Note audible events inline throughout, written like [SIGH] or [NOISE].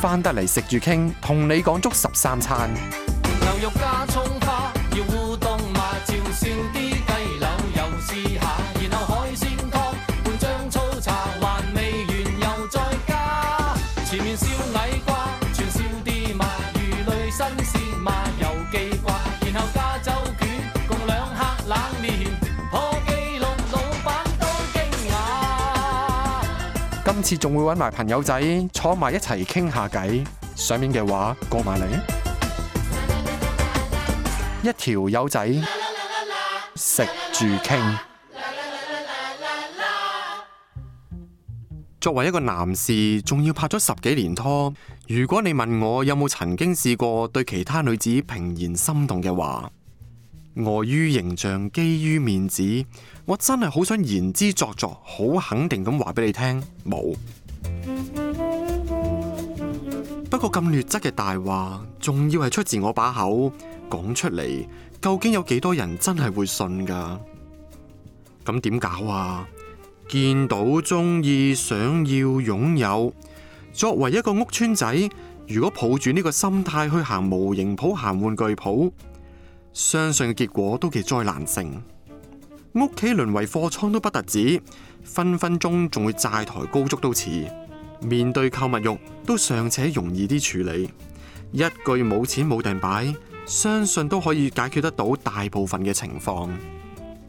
翻得嚟食住傾，同你講足十三餐。牛肉加次仲會揾埋朋友仔坐埋一齊傾下偈，上面嘅話過埋嚟，一條友仔食住傾。作為一個男士，仲要拍咗十幾年拖，如果你問我有冇曾經試過對其他女子平然心動嘅話，礙於形象，基於面子，我真係好想言之鑿鑿，好肯定咁話俾你聽，冇。不過咁劣質嘅大話，仲要係出自我把口講出嚟，究竟有幾多人真係會信㗎？咁點搞啊？見到中意，想要擁有，作為一個屋村仔，如果抱住呢個心態去行模型鋪、行玩具鋪。相信嘅結果都幾災難性，屋企淪為貨倉都不特止，分分鐘仲會債台高築都似。面對購物慾都尚且容易啲處理，一句冇錢冇訂擺，相信都可以解決得到大部分嘅情況。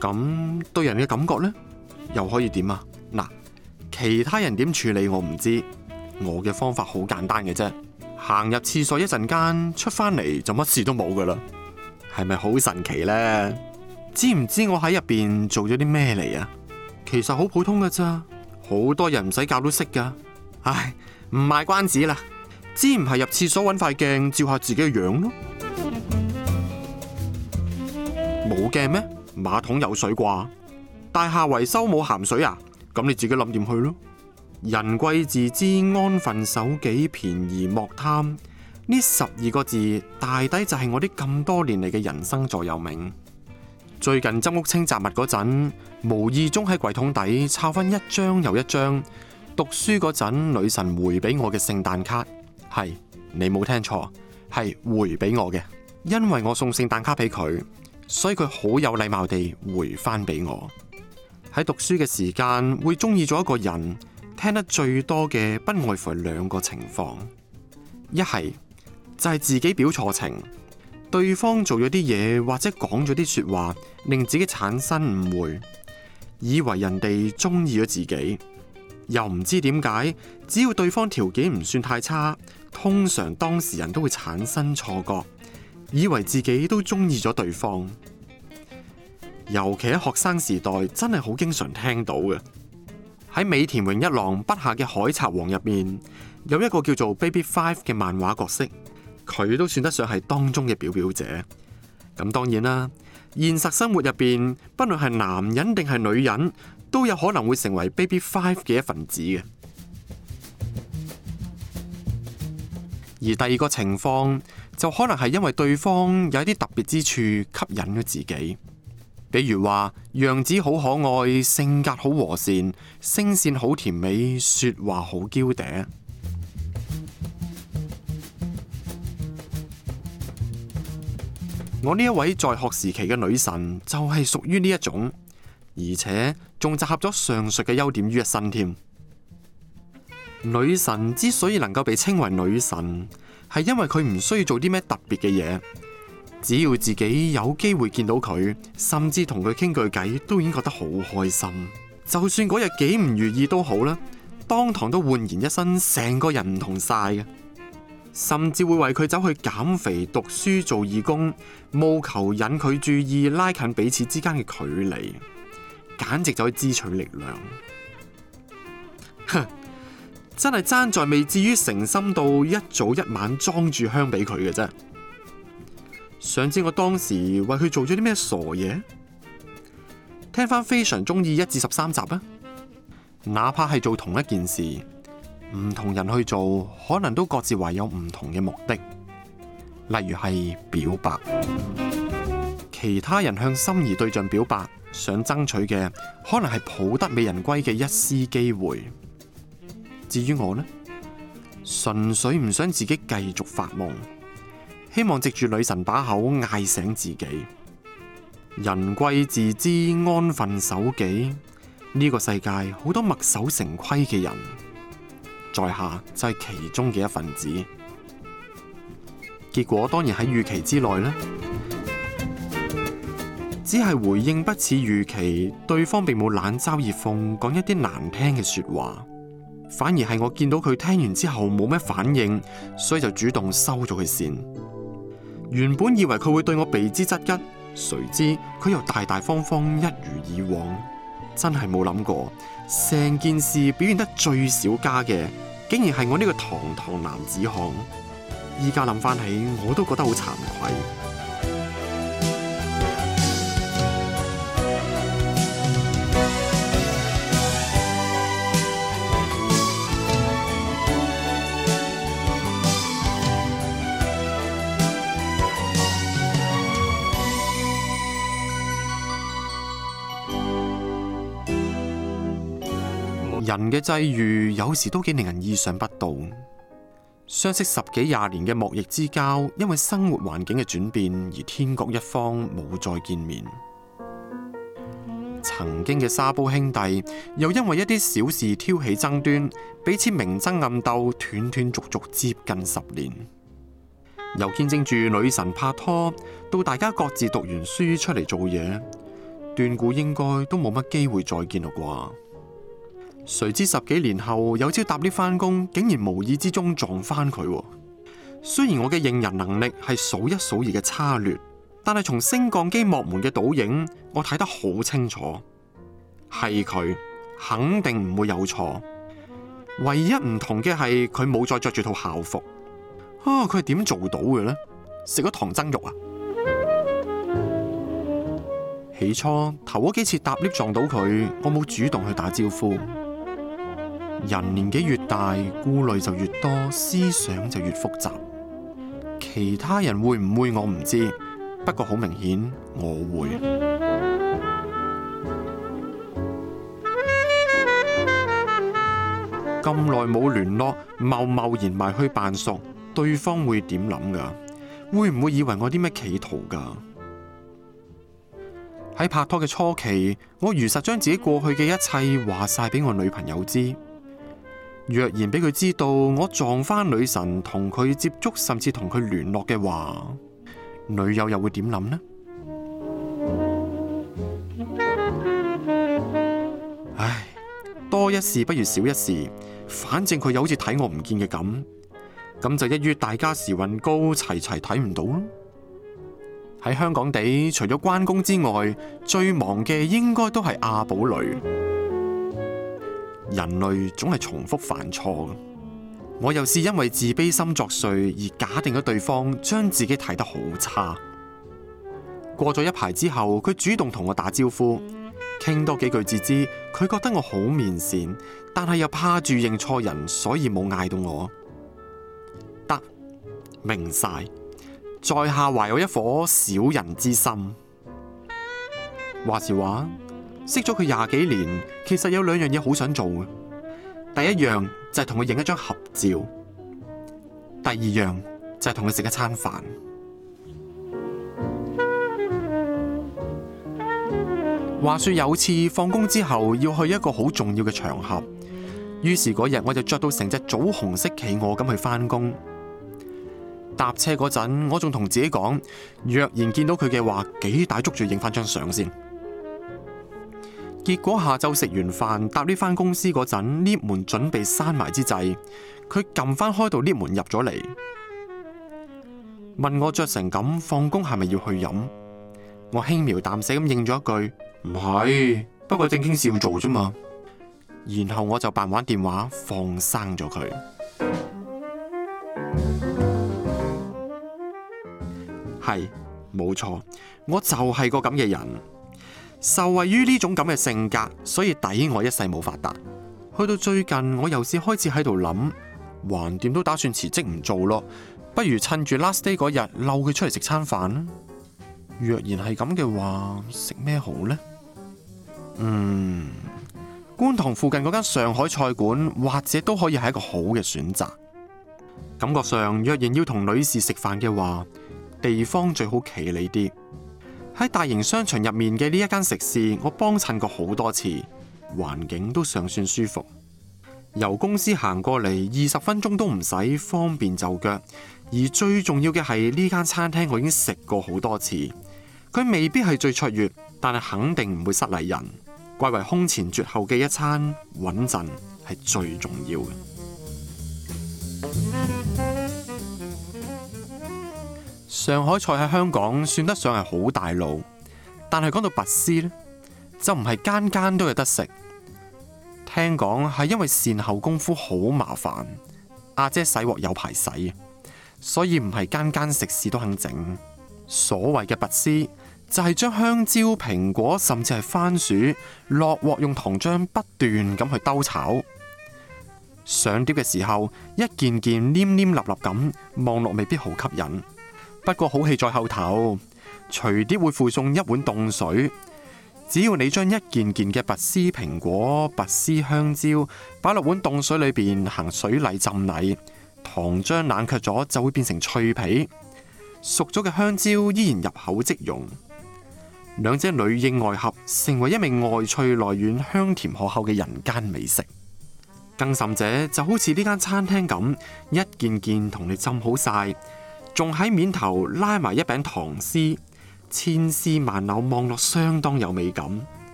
咁對人嘅感覺呢，又可以點啊？嗱，其他人點處理我唔知，我嘅方法好簡單嘅啫，行入廁所一陣間，出返嚟就乜事都冇噶啦。係咪好神奇呢？知唔知我喺入邊做咗啲咩嚟啊？其實好普通噶咋，好多人唔使教都識噶。唉，唔賣關子啦，知唔係入廁所揾塊鏡照下自己嘅樣咯？冇鏡咩？馬桶有水啩？大廈維修冇鹹水啊？咁你自己諗掂去咯。人貴自知，安分守己，便宜莫貪。呢十二個字大抵就係我啲咁多年嚟嘅人生座右銘。最近執屋清雜物嗰陣，無意中喺櫃桶底抄翻一張又一張。讀書嗰陣，女神回俾我嘅聖誕卡，係你冇聽錯，係回俾我嘅，因為我送聖誕卡俾佢，所以佢好有禮貌地回翻俾我。喺讀書嘅時間，會中意咗一個人，聽得最多嘅不外乎係兩個情況，一係。就係自己表錯情，對方做咗啲嘢或者講咗啲說話，令自己產生誤會，以為人哋中意咗自己，又唔知點解。只要對方條件唔算太差，通常當事人都會產生錯覺，以為自己都中意咗對方。尤其喺學生時代，真係好經常聽到嘅。喺尾田榮一郎筆下嘅《海賊王》入面，有一個叫做 Baby Five 嘅漫畫角色。佢都算得上係當中嘅表表姐。咁當然啦，現實生活入邊，不論係男人定係女人，都有可能會成為 baby five 嘅一份子嘅。而第二個情況，就可能係因為對方有一啲特別之處吸引咗自己，比如話樣子好可愛、性格好和善、聲線好甜美、說話好嬌嗲。我呢一位在學時期嘅女神就係屬於呢一種，而且仲集合咗上述嘅優點於一身添。女神之所以能夠被稱為女神，係因為佢唔需要做啲咩特別嘅嘢，只要自己有機會見到佢，甚至同佢傾句偈，都已經覺得好開心。就算嗰日幾唔如意都好啦，當堂都煥然一新，成個人唔同晒嘅。甚至會為佢走去減肥、讀書、做義工，務求引佢注意，拉近彼此之間嘅距離，簡直就可以支取力量。哼， [LAUGHS] 真係爭在未至於誠心到一早一晚裝住香俾佢嘅啫。想知我當時為佢做咗啲咩傻嘢？聽翻《非常中意》一至十三集啦，哪怕係做同一件事，唔同人去做，可能都各自懷有唔同嘅目的，例如係表白。其他人向心儀對象表白，想爭取嘅可能係抱得美人歸嘅一絲機會。至於我呢，純粹唔想自己繼續發夢，希望藉住女神把口嗌醒自己。人貴自知，安分守己。呢個世界好多墨守成規嘅人。在下就係、是、其中嘅一份子，結果當然喺預期之內呢，只係回應不似預期，對方並冇冷嘲熱諷，講一啲難聽嘅説話，反而係我見到佢聽完之後冇咩反應，所以就主動收咗佢線。原本以為佢會對我避之則吉，誰知佢又大大方方一如以往。真係冇諗過，成件事表現得最少家嘅，竟然係我呢個堂堂男子漢。而家諗翻起，我都覺得好慚愧。嘅際遇有時都幾令人意想不到。相識十幾廿年嘅莫逆之交，因為生活環境嘅轉變而天各一方，冇再見面。曾經嘅沙煲兄弟又因為一啲小事挑起爭端，彼此明爭暗鬥，斷斷續續接近十年。由見證住女神拍拖，到大家各自讀完書出嚟做嘢，斷估應該都冇乜機會再見啦啩。誰知十幾年後，有朝搭 lift 翻工，竟然無意之中撞翻佢。雖然我嘅認人能力係數一數二嘅差劣，但係從升降機幕門嘅倒影，我睇得好清楚，係佢，肯定唔會有錯。唯一唔同嘅係佢冇再着住套校服。啊、哦，佢係點做到嘅呢？食咗唐僧肉啊？起初頭嗰幾次搭 lift 撞到佢，我冇主動去打招呼。人年紀越大，顧慮就越多，思想就越複雜。其他人會唔會我唔知，不過好明顯我會。咁耐冇聯絡，貿貿然埋去扮熟，對方會點諗噶？會唔會以為我啲咩企圖噶？喺拍拖嘅初期，我如實將自己過去嘅一切話晒俾我女朋友知。若然俾佢知道我撞返女神同佢接觸，甚至同佢聯絡嘅話，女友又會點諗呢？唉，多一事不如少一事，反正佢又好似睇我唔見嘅咁，咁就一於大家時運高，齊齊睇唔到咯。喺香港地，除咗關公之外，最忙嘅應該都係阿寶蕾。人類總係重複犯錯，我又是因為自卑心作祟而假定咗對方將自己睇得好差。過咗一排之後，佢主動同我打招呼，傾多幾句至知，佢覺得我好面善，但係又怕住認錯人，所以冇嗌到我。得明晒，在下懷有一顆小人之心。話時話。識咗佢廿幾年，其實有兩樣嘢好想做嘅。第一樣就係同佢影一張合照，第二樣就係同佢食一餐飯。 [MUSIC] 話說有次放工之後要去一個好重要嘅場合，於是嗰日我就着到成隻棗紅色企鵝咁去返工。搭車嗰陣，我仲同自己講：若然見到佢嘅話，幾大捉住影翻張相先。結果下晝食完飯搭呢返公司嗰陣，呢門準備閂埋之際，佢撳翻開到呢門入咗嚟，問我着成咁放工係咪要去飲？我輕描淡寫咁應咗一句：唔係，不過正經事要做啫嘛。然後我就扮玩電話放生咗佢。係冇錯，我就係個咁嘅人。受惠於呢種咁嘅性格，所以抵我一世冇發達。去到最近，我又是開始喺度諗，橫掂都打算辭職唔做咯。不如趁住 last day 嗰日，嬲佢出嚟食餐飯。若然係咁嘅話，食咩好呢？嗯，觀塘附近嗰間上海菜館，或者都可以係一個好嘅選擇。感覺上，若然要同女士食飯嘅話，地方最好企理啲。喺大型商場入面嘅呢一間食肆，我幫襯過好多次，環境都尚算舒服。由公司行過嚟，二十分鐘都唔使，方便就腳，而最重要嘅係呢間餐廳我已經食過好多次，佢未必係最卓越，但係肯定唔會失禮人。貴為空前絕後嘅一餐，穩陣係最重要嘅。上海菜喺香港算得上係好大路，但係講到拔絲呢，就唔係間間都有得食。聽講係因為善後功夫好麻煩，阿姐洗鑊有排洗，所以唔係間間食肆都肯整。所謂嘅拔絲就係、是、將香蕉、蘋果甚至係番薯落鑊用糖漿不斷咁去兜炒上碟嘅時候，一件件黏黏立立咁望落未必好吸引。不過好戲在後頭，隨碟會附送一碗凍水，只要你將一件件嘅拔絲蘋果、拔絲香蕉擺落碗凍水裏邊行水禮浸禮，糖漿冷卻咗就會變成脆皮，熟咗嘅香蕉依然入口即溶，兩隻裏應外合，成為一名外脆內軟、香甜可口嘅人間美食，更甚者就好似呢間餐廳咁，一件件同你浸好晒。仲喺面頭拉埋一餅糖絲，千絲萬縷，望落相當有美感。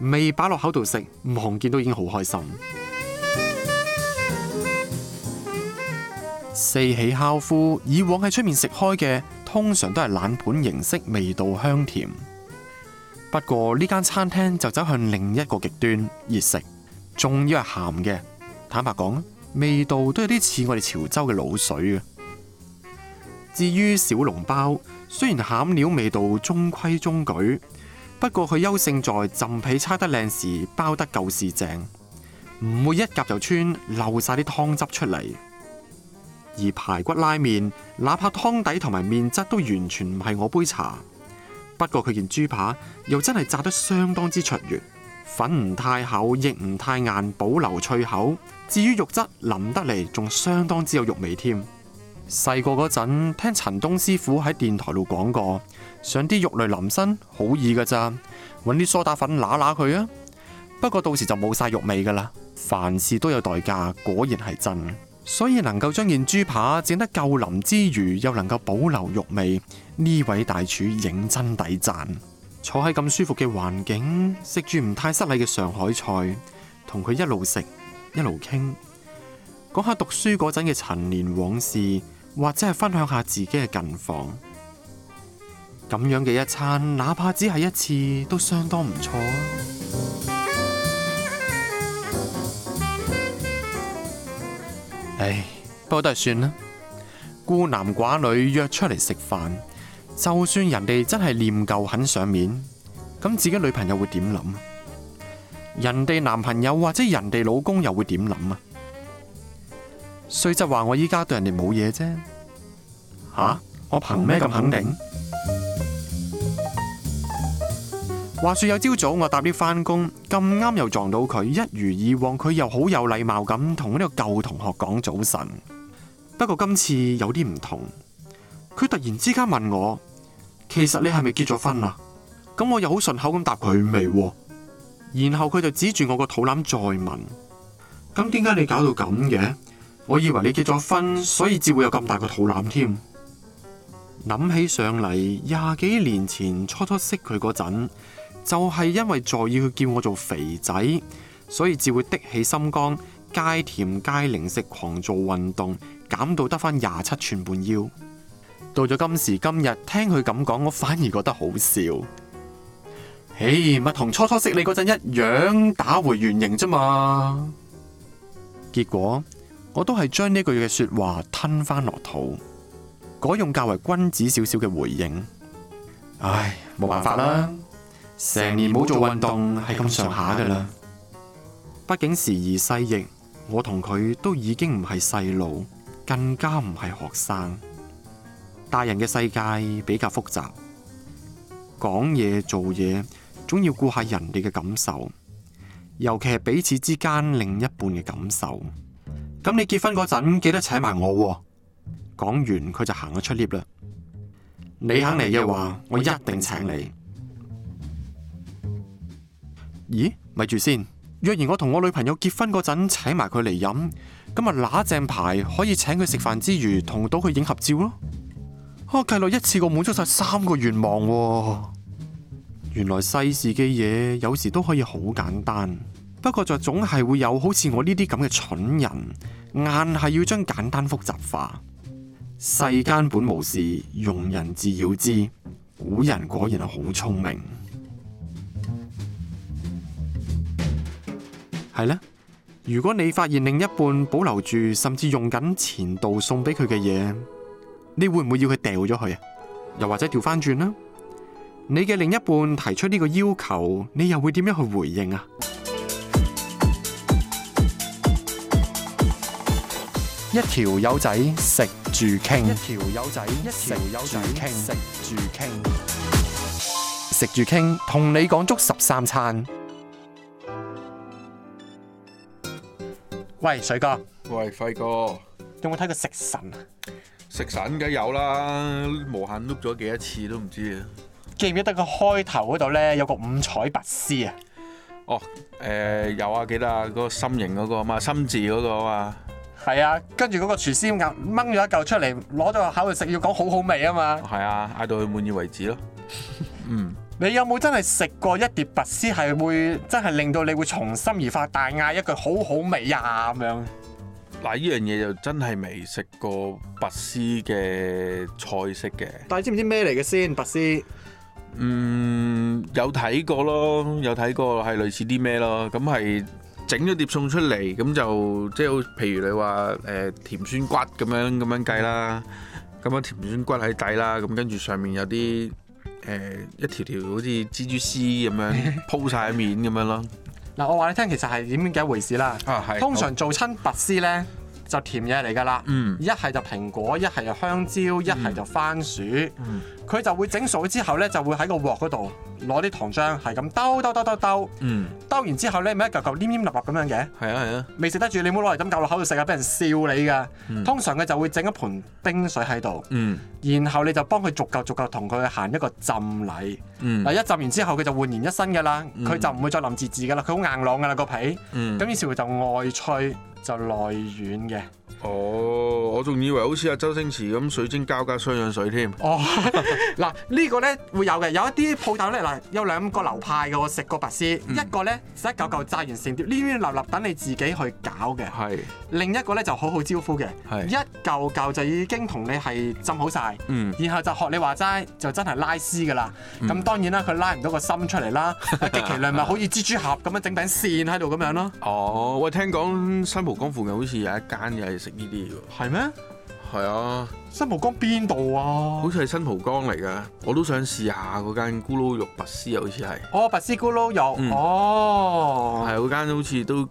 未擺落口度食，望見都已經好開心。 [MUSIC] 四喜烤夫以往喺出面食開嘅，通常都係冷盤形式，味道香甜。不過呢間餐廳就走向另一個極端，熱食，仲要係鹹嘅。坦白講，味道都有啲似我哋潮州嘅滷水嘅。至於小籠包，雖然餡料味道中規中矩，不過佢優勝在浸皮差得靚時包得夠是正，唔會一夾就穿漏晒啲湯汁出嚟。而排骨拉麵，哪怕湯底同埋麵質都完全唔係我杯茶，不過佢件豬扒又真係炸得相當之卓越，粉唔太厚亦唔太硬，保留脆口。至於肉質腍得嚟，仲相當之有肉味添。細個嗰陣聽陳東師傅喺電台度講過，想啲肉類腍身好易㗎咋，搵啲梳打粉揦揦佢啊。不過到時就冇晒肉味㗎喇，凡事都有代價，果然係真。所以能夠將件豬扒整得夠腍之餘，又能夠保留肉味，呢位大廚認真抵讚。坐喺咁舒服嘅環境，食住唔太失禮嘅上海菜，同佢一路食一路傾，講下讀書嗰陣嘅陳年往事。或者係分享下自己嘅近況，咁樣嘅一餐，哪怕只係一次，都相當唔錯啊！ [MUSIC] 唉，不過都係算啦。孤男寡女約出嚟食飯，就算人哋真係念舊肯上面，咁自己女朋友會點諗？人哋男朋友或者人哋老公又會點諗啊？雖則話我依家對人哋冇嘢啫。吓、啊，我憑咩咁肯定？嗯、話說有朝早我搭 lift 翻工，咁啱又撞到佢，一如以往，佢又好有禮貌咁同呢個舊同學講早晨。不過今次有啲唔同，佢突然之間問我，其實你係咪結咗婚啦？咁我又好順口咁答佢未，然後佢就指住我個肚腩再問，咁點解你搞到咁嘅？我以為你結咗婚，所以只會有咁大個肚腩添。諗 [MUSIC] 起上嚟，廿幾年前初初識佢嗰陣，就係因為在意佢叫我做肥仔，所以只會的起心肝，戒甜戒零食，狂做運動，減到得翻廿七寸半腰。到咗今時今日，聽佢咁講，我反而覺得好笑。咦，咪同初初識你嗰陣一樣打回原形啫嘛？結果？我都係將呢句嘅說話吞翻落肚，改用較為君子少少嘅回應。唉，冇辦法啦，成年冇做運動係咁上下噶啦。畢竟時移世易，我同佢都已經唔係細路，更加唔係學生。大人嘅世界比較複雜，講嘢做嘢總要顧下人哋嘅感受，尤其係彼此之間另一半嘅感受。咁你結婚嗰陣記得請埋我喎。講完佢就行咗出 lift 啦。你肯嚟嘅話，我一定請你。咦？咪住先。若然我同我女朋友結婚嗰陣請埋佢嚟飲，咁咪攞正牌可以請佢食飯之餘，同到佢影合照咯。啊！計落一次過滿足晒三個願望喎。原來世事嘅嘢有時都可以好簡單。不過就總係會有好似我呢啲咁嘅蠢人，硬係要將簡單複雜化。世間本無事，庸人自擾之。古人果然係好聰明。係咧， [MUSIC] 如果你發現另一半保留住，甚至用緊前度送俾佢嘅嘢，你會唔會要佢掉咗佢啊？又或者調翻轉呢？你嘅另一半提出呢個要求，你又會點樣去回應啊？一條友仔食住傾，一條友仔食住傾，食住傾，食住傾，同你講足十三餐。喂，水哥。喂，輝哥。有冇睇過食神啊？食神梗有啦，無限碌咗幾多次都唔知啊。記唔記得個開頭嗰度咧有個五彩拔絲啊？哦，誒有啊，記得啊，嗰個心形嗰個啊嘛，心字嗰個啊嘛。係啊，跟住嗰個廚師又掹咗一嚿出嚟，攞咗個口去食，要講好好味啊嘛！係啊，嗌到佢滿意為止咯。嗯， [LAUGHS] 你有冇真係食過一碟拔絲，係會真係令到你會從心而發大嗌一句「好好味啊！」咁樣？嗱，依樣嘢又真係未食過拔絲嘅菜式嘅。但係知唔知咩嚟嘅先？拔絲？嗯，有睇過咯，有睇過係類似啲咩咯？咁係。整咗碟餸出嚟，咁就即係好，譬如你話誒、呃、甜酸骨咁樣咁樣計啦，咁樣甜酸骨喺底啦，咁跟住上面有啲誒、呃、一條條好似蜘蛛絲咁樣鋪曬喺面咁樣咯。嗱、 [LAUGHS] 嗯，我話你聽，其實係點樣嘅一回事啦。啊，係。通常做親拔絲咧。就甜嘢嚟㗎啦，一係就蘋果，一係就香蕉，一係就番薯，佢就會整熟咗之後咧，就會喺個鑊嗰度攞啲糖漿，係咁兜兜兜兜兜，兜完之後咧，咪一嚿嚿黏黏立立咁樣嘅，係啊係啊，未食得住，你唔好攞嚟咁嚿落口度食啊，俾人笑你㗎。通常佢就會整一盤冰水喺度，然後你就幫佢逐嚿逐嚿同佢行一個浸禮，嗱一浸完之後，佢就煥然一新㗎啦，佢就唔會再黏滋滋㗎啦，佢好硬朗㗎啦個皮，咁於是佢就外脆。就內軟嘅。哦，我仲以為好似阿周星馳咁水晶膠加雙氧水添。哦，嗱呢個咧會有嘅，有一啲鋪頭咧，嗱有兩個流派嘅喎，食過拔絲，嗯、一個咧一嚿嚿炸完成碟，呢呢立立等你自己去搞嘅。係是。另一個咧就好好招呼嘅，是一嚿嚿就已經同你係浸好晒，嗯、然後就學你話齋就真係拉絲嘅啦。咁、嗯、當然啦，佢拉唔到個心出嚟啦，極其量咪好似蜘蛛俠咁樣整餅線喺度咁樣咯。哦，我聽講新蒲崗附近好似有一間嘢係食。呢啲喎，係咩？係嗎啊，新蒲江邊度啊？好似係新蒲江嚟㗎，我都想試下嗰間咕嚕肉拔絲好，好似係。哦，拔絲咕嚕肉，哦，係嗰、嗯、間，好似都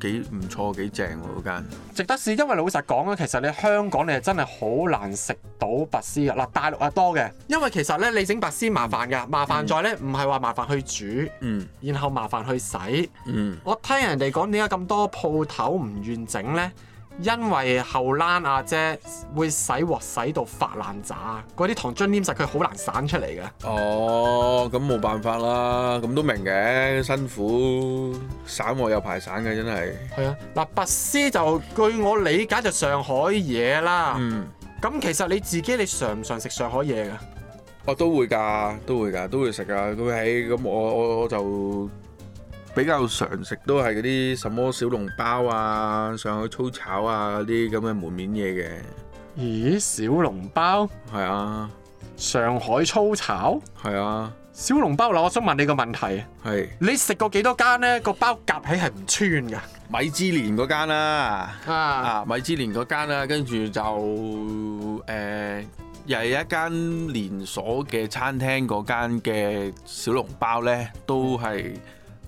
幾唔錯，幾正嗰、啊、間。值得試，因為老實講啊，其實你香港你係真係好難食到拔絲㗎，嗱、啊、大陸啊多嘅，因為其實咧你整拔絲麻煩㗎，麻煩在咧唔係話麻煩去煮，嗯，然後麻煩去洗，嗯，我聽人哋講點解咁多鋪頭唔願整咧？因為後欄阿姐會洗鑊洗到發爛渣，嗰啲糖漿黏實佢好難散出嚟嘅。哦，咁冇辦法啦，咁都明嘅，辛苦，散鑊有排散嘅，真係。係啊，嗱，拔絲就據我理解就上海嘢啦。嗯。咁其實你自己你常唔常食上海嘢㗎？我都會㗎，都會㗎，都會食㗎。咁喺咁我我，我就。比較常食都係嗰啲什麼小籠包啊、上海粗炒啊啲咁嘅門面嘢嘅。咦？小籠包係啊，上海粗炒係啊。小籠包，嗱，我想問你個問題係係你食過幾多間呢？個包夾起係唔穿㗎？米芝蓮嗰間啦，啊，啊，啊，米芝蓮嗰間啦、啊，跟住就誒，又、呃、係一間連鎖嘅餐廳嗰間嘅小籠包呢，都係、嗯。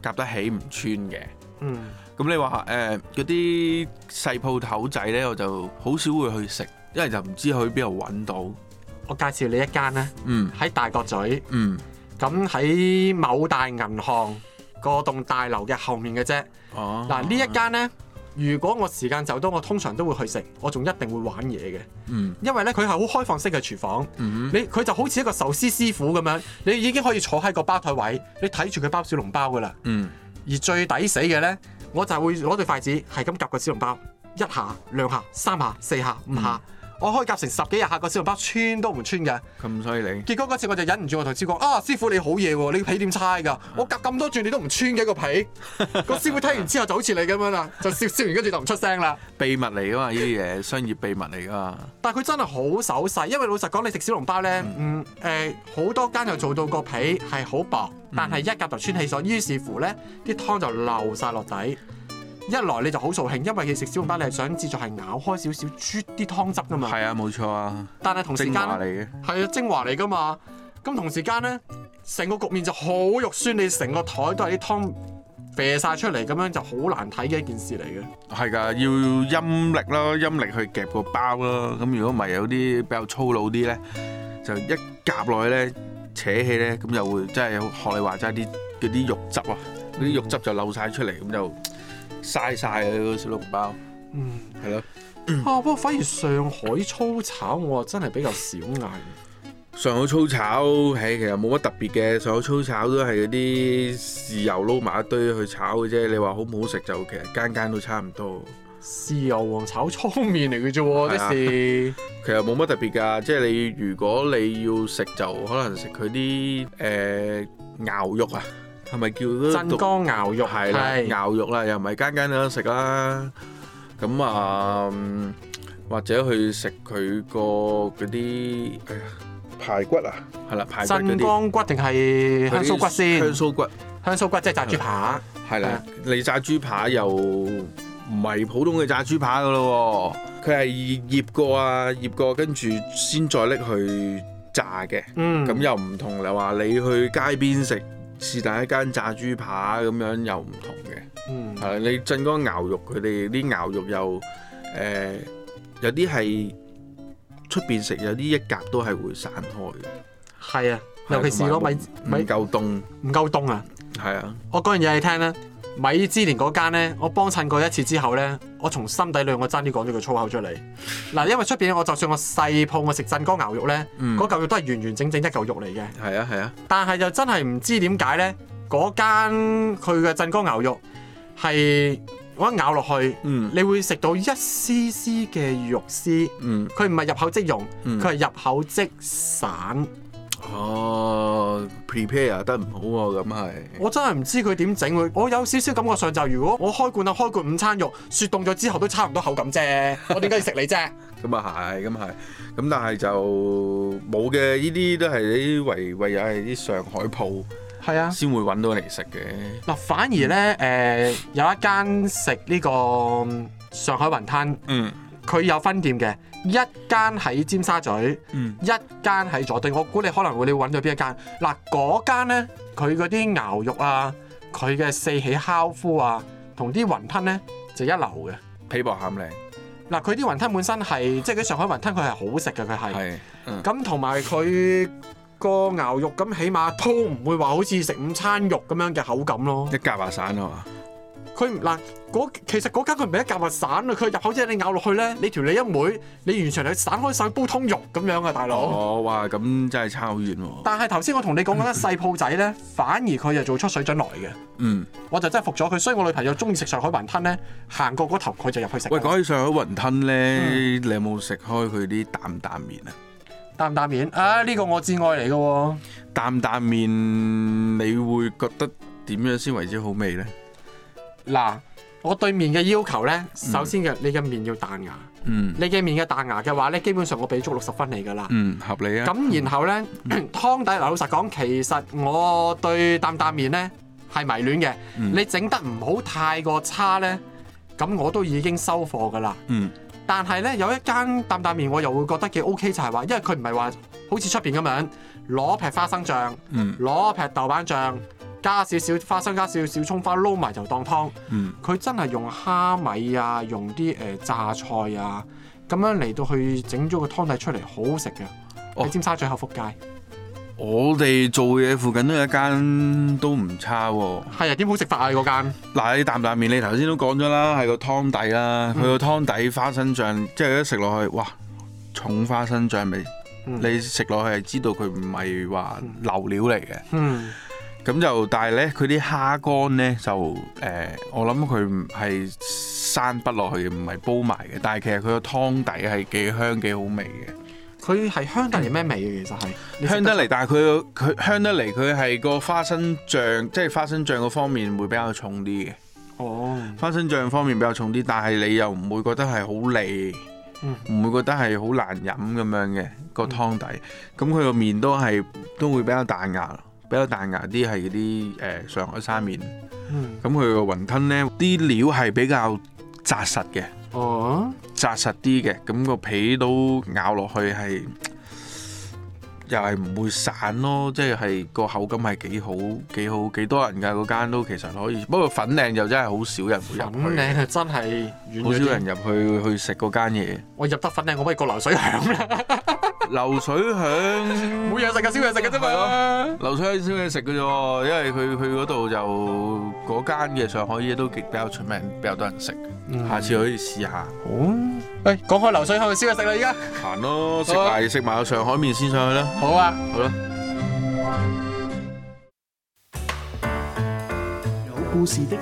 夾得起唔穿嘅。嗯，咁你話誒嗰啲細鋪頭仔咧，我就好少會去食，因為就唔知去邊度搵到。我介紹你一間咧，嗯，喺大角咀，嗯，咁喺某大銀行個棟大樓嘅後面嘅啫，哦，嗱、啊、呢一間咧。如果我時間就多，我通常都會去食，我仲一定會玩嘢嘅。嗯，因為呢，佢係好開放式嘅廚房，嗯、你佢就好似一個壽司師傅咁樣，你已經可以坐喺個吧台位，你睇住佢包小籠包㗎喇。嗯，而最抵死嘅呢，我就會攞對筷子係咁夾個小籠包，一下、兩下、三下、四下、五下。嗯嗯我可以夾成十幾日下個小籠包穿都唔穿嘅，咁犀利！結果嗰次我就忍唔住，我同師傅講：啊，師傅你好嘢喎、啊，你皮點猜㗎？啊、我夾咁多轉你都唔穿嘅個皮。個 [LAUGHS] 師傅聽完之後就好似你咁樣啦，就笑笑完跟住就唔出聲啦。秘密嚟噶嘛？呢啲嘢商業秘密嚟噶嘛？ [LAUGHS] 但係佢真係好手勢，因為老實講你食小籠包咧，嗯誒，好、嗯呃、多間就做到個皮係好薄，但係一夾就穿起索，於是乎咧啲湯就漏晒落底。一來你就好掃興，因為其實小龍包，你係想自助係咬開少少啜啲湯汁噶嘛。係啊，冇錯啊。但係同時間，係啊，精華嚟嘅嘛。咁同時間咧，成個局面就好肉酸，你成個台都係啲湯瀉晒出嚟，咁樣就好難睇嘅一件事嚟嘅。係啊，要陰力咯，陰力去夾個包咯。咁如果唔係有啲比較粗魯啲咧，就一夾落去咧，扯起咧，咁就會真係學你話齋啲啲肉汁啊，嗰啲肉汁就漏晒出嚟咁就。晒晒啊！嗰小籠包，嗯，係咯的，嗯、啊，不過反而上海粗炒我真係比較少嗌。上海粗炒，唉，其實冇乜特別嘅。上海粗炒都係嗰啲豉油撈埋一堆去炒嘅啫。你話好唔好食就其實間間都差唔多。豉油王炒粗麵嚟嘅啫，即是。其實冇乜特別噶，即係你如果你要食就可能食佢啲誒牛肉啊。係咪叫做鎮江牛肉？係啦，牛肉啦，又唔係間間都有食啦。咁啊，或者去食佢個嗰啲排骨啊，係啦，排骨。鎮江骨定係香酥骨先？香酥骨，香酥骨即係炸豬排，係啦。你炸豬排又唔係普通嘅炸豬排噶咯？佢係醃過啊，醃過，跟住，先再拎去炸嘅。嗯，咁又唔同你話你去街邊食。是但一間炸豬扒咁樣又唔同嘅，係、嗯啊、你進嗰個牛肉，佢哋啲牛肉又誒有啲係出邊食，有啲一格都係會散開嘅。係啊，啊尤其是攞米，唔是夠凍，唔夠凍啊！係啊，我講完嘢你聽啦。米芝蓮嗰間呢，我幫襯過一次之後呢，我從心底裏我爭啲講咗句粗口出嚟。嗱，因為出邊我就算我細鋪，我食鎮江牛肉呢，嗰嚿、嗯、肉都係完完整整一嚿肉嚟嘅。係啊係啊。啊但係就真係唔知點解呢。嗰間佢嘅鎮江牛肉係我一咬落去，嗯、你會食到一絲絲嘅肉絲。嗯。佢唔係入口即溶，佢係、嗯、入口即散。哦、oh，prepare 得唔好啊，咁係。我真係唔知佢點整佢，我有少少感覺上就，如果我開罐啊，開罐午餐肉，雪凍咗之後都差唔多口感啫，我點解要食你啫？咁啊係，咁啊係，咁但係就冇嘅，呢啲都係你唯唯有係啲上海鋪，係啊，先會揾到嚟食嘅。嗱，反而咧誒，有一間食呢個上海雲吞。嗯。嗯嗯嗯佢有分店嘅，一間喺尖沙咀，嗯、一間喺佐敦。我估你可能會你揾咗邊一間？嗱，嗰間咧，佢嗰啲牛肉啊，佢嘅四喜烤麩啊，同啲雲吞咧就一流嘅，皮薄餡靚。嗱，佢啲雲吞本身係即係佢上海雲吞，佢係好食嘅，佢係。係、嗯。咁同埋佢個牛肉，咁起碼都唔會話好似食午餐肉咁樣嘅口感咯。一夾華散啊嘛、哦？佢嗱嗰其實嗰間佢唔係一夾物散啊！佢入口之後你咬落去咧，你條脷一攰，你完全係散開晒煲通肉咁樣啊！大佬，哦哇，咁真係差好遠喎！但係頭先我同你講嗰間細鋪仔咧，反而佢就做出水準來嘅。嗯，我就真係服咗佢。所以我女朋友中意食上海雲吞咧，行過嗰頭佢就入去食。喂，講起上海雲吞咧，你有冇食開佢啲擔擔麵啊？擔擔麵啊！呢個我至愛嚟嘅喎。擔擔麵，你會覺得點樣先為之好味咧？嗱，我對麵嘅要求呢，首先嘅你嘅麵要彈牙，嗯、你嘅麵嘅彈牙嘅話呢，基本上我俾足六十分你噶啦，合理啊。咁然後呢，嗯、 [COUGHS] 湯底，老實講，其實我對擔擔麵呢係迷戀嘅，嗯、你整得唔好太過差呢，咁我都已經收貨噶啦。嗯、但係呢，有一間擔擔麵我又會覺得幾 OK，就係話，因為佢唔係話好似出邊咁樣攞劈花生醬，攞劈豆瓣醬。加少少花生，加少少葱花，撈埋就當湯。佢、嗯、真係用蝦米啊，用啲誒、呃、榨菜啊，咁樣嚟到去整咗個湯底出嚟，好好食嘅。喺、哦、尖沙咀口福街，我哋做嘢附近都有一間都唔差喎。係啊，點好食法啊？嗰間嗱，你啖啖麵，你頭先都講咗啦，係個湯底啦，佢個湯底花生醬，嗯、即係一食落去，哇！重花生醬味，嗯、你食落去係知道佢唔係話流料嚟嘅。嗯嗯咁就，但係咧，佢啲蝦乾咧就，誒，我諗佢唔係生不落去，唔係煲埋嘅。但係其實佢個湯底係幾香幾好味嘅。佢係香得嚟咩味啊？其實係香得嚟，但係佢佢香得嚟，佢係個花生醬，即係花生醬個方面會比較重啲嘅。哦，花生醬方面比較重啲，但係你又唔會覺得係好膩，唔會覺得係好難飲咁樣嘅個湯底。咁佢個面都係都會比較彈牙。比較彈牙啲係嗰啲誒上海沙麵，咁佢個雲吞咧啲料係比較紮實嘅，哦，紮實啲嘅，咁個皮都咬落去係又係唔會散咯，即係個口感係幾好，幾好，幾多人㗎嗰間都其實可以，不過粉嶺就真係好少人會入去，嶺真係好少人入去去食嗰間嘢。我入得粉嶺，我咪過流水響啦。流水響，冇嘢食嘅，燒嘢食嘅啫嘛。流水響燒嘢食嘅啫喎，因為佢佢嗰度就嗰間嘅上海嘢都極比較出名，比較多人食。下次可以試下。好。誒，講開流水響嘅燒嘢食啦，而家行咯，食埋食埋個上海麵先上去啦。好啊，好啦。有故事的。